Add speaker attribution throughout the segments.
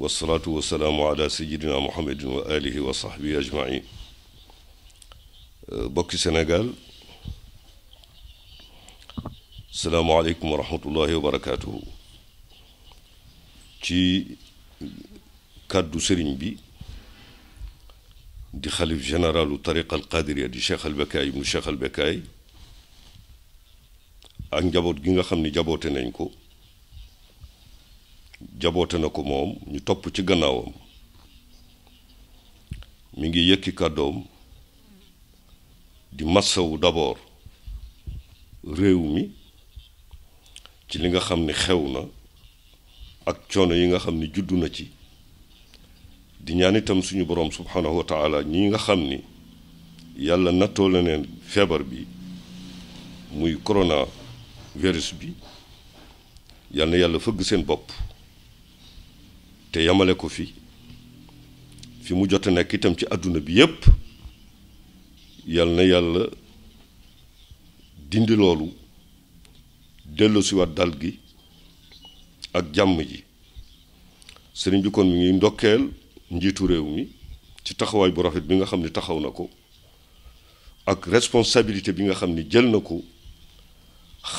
Speaker 1: wasalaatu wasalaamu ala sayidina muhammadin wa alihi wa sahbihi ajmain euh, bokki Sénégal salaamualeykum wa rahmatullahi wa barakaatuhu ci kàddu sëriñ bi di xalif généralu tariqa al qadiriya di cheikh al bekaay ibnu cheikh al bekaay ak njaboot gi nga xam ni jaboote nañ ko jaboote na ko moom ñu topp ci gannaawam mi ngi yëkki kàddoom di massawu d'abord réew mi ci li nga xam ni xew na ak coono yi nga xam ni juddu na ci di ñaan itam suñu boroom subhanahu wa ñi nga xam ni yàlla nattoo la neen feebar bi muy corona virus bi yàlla yàlla fëgg seen bopp te yamale ko fi fi mu jot a nekk itam ci àdduna bi yépp yal na yàlla dindi loolu delloosiwaat dal gi ak jàmm ji sëriñ bi kon mi ngi ndokkeel njiitu réew mi ci taxawaay bu rafet bi nga xam ni taxaw na ko ak responsabilité bi nga xam ni jël na ko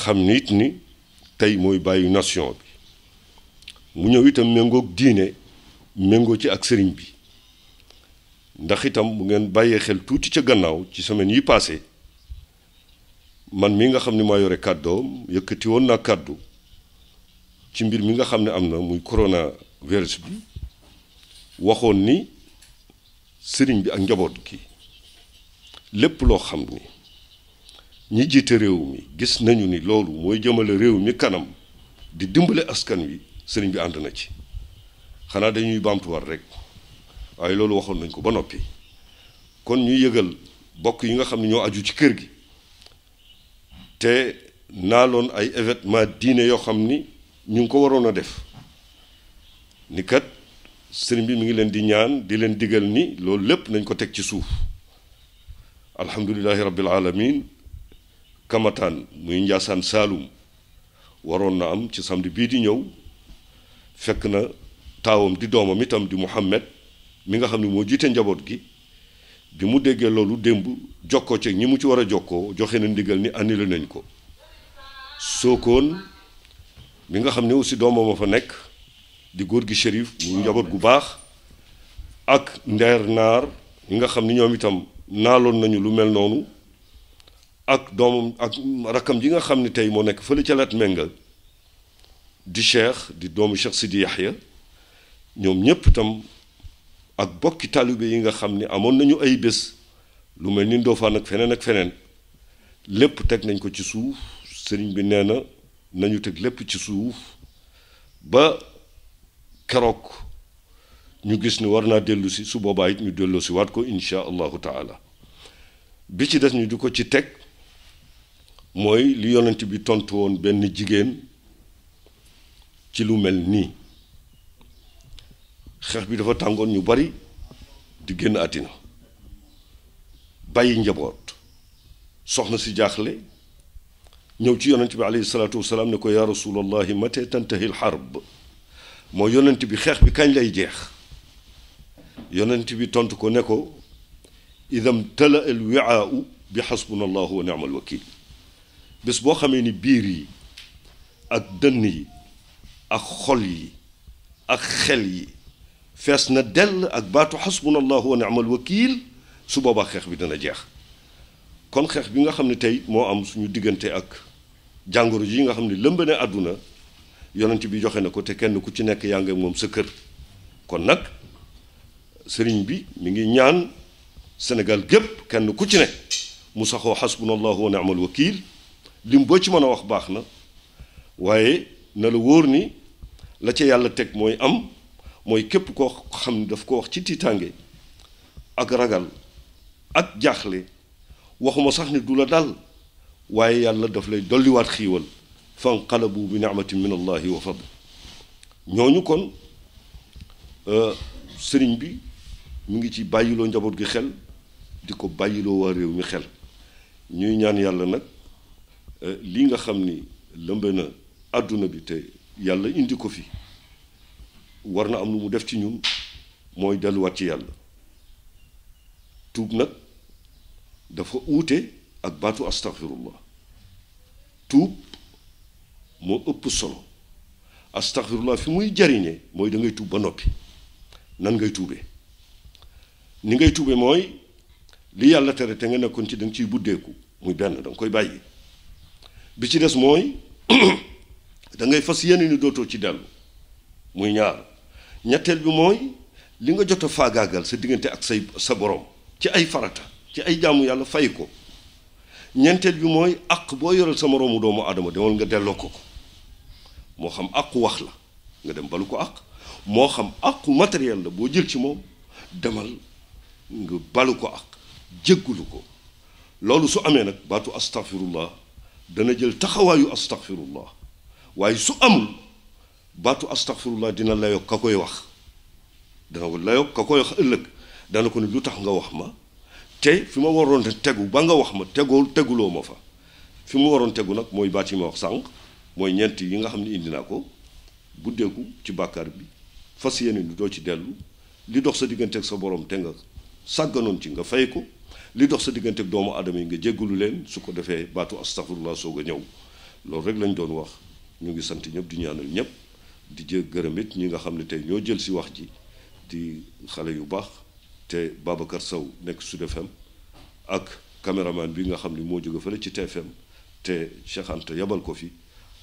Speaker 1: xam nit ni tey mooy bàyyi nation bi mu ñëw itam méngoog diine méngoo ci ak sëriñ bi ndax itam bu ngeen bàyyee xel tuuti ca gannaaw ci semaine yi passé man mii nga xam ni maa yore kàddoo yëkkati woon naa kàddu ci mbir mi nga xam ne am na muy coronavirus bi waxoon ni sëriñ bi ak njaboot gi lépp loo xam ni ñi jiite réew mi gis nañu ni loolu mooy jëmale réew mi kanam di dimbale askan wi sëriñ bi ànd na ci xanaa dañuy baamtuwaat rek waaye loolu waxoon nañ ko ba noppi kon ñu yëgal bokk yi nga xam ne ñoo aju ci kër gi te naaloon ay évétement diine yoo xam ni ñu ngi ko waroon a def ni kat sëriñ bi mu ngi leen di ñaan di leen digal ni loolu lépp nañ ko teg ci suuf alhamdulilahi rabbil alamin kamataan muy njaasaan saalum waroon na am ci samedi bii di ñëw fekk na taawam di doomam itam di Muhammad mi nga xam ne moo jiite njaboot gi bi mu déggee loolu démb jokkoo ci ñi mu ci war a jokkoo joxe na ndigal ni annulé nañ ko sookoon mi nga xam ne aussi doomam a fa nekk di góor gi shérif mu njaboot gu baax ak ndeer naar mi nga xam ni ñoom itam naaloon nañu lu mel noonu ak doomam ak rakkam ji nga xam ni tey moo nekk fële ca lat mengal di cheikh di doomu cheikh Sidi Yaxya ñoom ñépp itam ak bokki taalibe yi nga xam ni amoon nañu ay bés lu mel ni Ndofane ak feneen ak feneen lépp teg nañ ko ci suuf sëriñ bi nee na nañu teg lépp ci suuf ba keroog ñu gis ni war naa dellu si su boobaa ñu delloo si waat ko insha allahu taala bi ci des ñu di ko ci teg mooy li yonent bi tontu woon benn jigéen ci lu mel nii xeex bi dafa tàngoon ñu bari di génn àddina bàyyi njaboot soxna si jaaxle ñëw ci yonent bi aleyhi salaatu wasalaam ne ko yaa rasulallahi mate tantahil xarb moo yonent bi xeex bi kañ lay jeex yonent bi tontu ko ne ko idam tala al wiaau bi xasbuna allahu wa niamal wakil bés boo xamee ni biir yi ak dënn yi ak xol yi ak xel yi fees na dell ak baatu xasbunallahu wa ni'mal wakiil su boobaa xeex bi dana jeex kon xeex bi nga xam ne tey moo am suñu diggante ak jàngoro ji nga xam ne lëmb àdduna yonant bi joxe na ko te kenn ku ci nekk yaa ngi moom sa kër kon nag sëriñ bi mi ngi ñaan senegal gépp kenn ku ci ne mu saxoo xasbunallahu wa ni'mal wakiil lim boo ci mën a wax baax na waaye na la wóor ni la ca yàlla teg mooy am mooy képp koo xam ne daf ko wax ci tiitaange ak ragal ak jaaxle waxuma sax ni du la dal waaye yàlla daf lay dolliwaat xiiwal fanqalabu bi ni'matin min allahi wa fadl ñooñu kon euh, sëriñ bi mu ngi ci bàyyiloo njaboot gi xel di ko bàyyiloo waa réew mi xel ñuy ñaan yàlla nag euh, lii nga xam ni lëmbe na àdduna bi te yàlla indi ko fi war na am lu mu def ci ñun mooy delluwaat ci yàlla tuub nag dafa uute ak baatu astaxfirullah tuub moo ëpp solo astaxfirullah fi muy jariñe mooy da tuub ba noppi nan ngay tuube ni ngay tuube mooy li yàlla tere te nga nekkoon ci da nga ciy buddeeku muy benn danga koy bàyyi bi ci des mooy dangay fas yéene ni dootoo ci dellu muy ñaar ñetteel bi mooy li nga jot a faagaagal sa diggante ak say sa borom ci ay farata ci ay jaamu yàlla fay ko ñeenteel bi mooy àq boo yoral sa moroomu doomu aadama demal nga delloo ko ko moo xam àqu wax la nga dem balu ko àq moo xam àqu matériel la boo jël ci moom demal nga balu ko àq jéggulu ko loolu su amee nag baatu astaghfirullah dana jël taxawaayu astaghfirullah waaye su amul baatu astaxfirullah dina layoog ka koy wax dana ko layoog ka koy wax ëllëg dana ko ne lu tax nga wax ma te fi ma waroon tegu ba nga wax ma tegoo teguloo ma fa fi ma waroon tegu nag mooy baat yi ma wax sànq mooy ñeent yi nga xam ne indi naa ko buddeeku ci bàkkaar bi fas yéene lu doo ci dellu li dox sa diggante ak sa borom te nga sàgganoon ci nga fay ko li dox sa diggante ak doomu aadama yi nga jéggalu leen su ko defee baatu astaxfirullah soog a ñëw loolu rek lañ doon wax ñu ngi sant ñëpp di ñaanal ñëpp di jë gërëm it ñi nga xam ne tey ñoo jël si wax ji di xale yu baax te Babacar Sow nekk Sud FM ak caméraman bi nga xam ni moo jóge fële ci TFM te Cheikh Anta yabal ko fi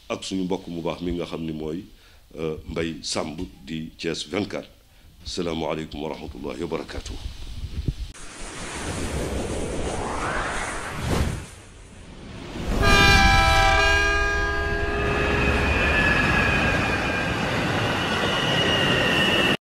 Speaker 1: ak suñu mbokk mu baax mi nga xam ni mooy euh, mbay sàmb di Thiès 24 salaamualeykum wa rahmatullahi wa barakaatu.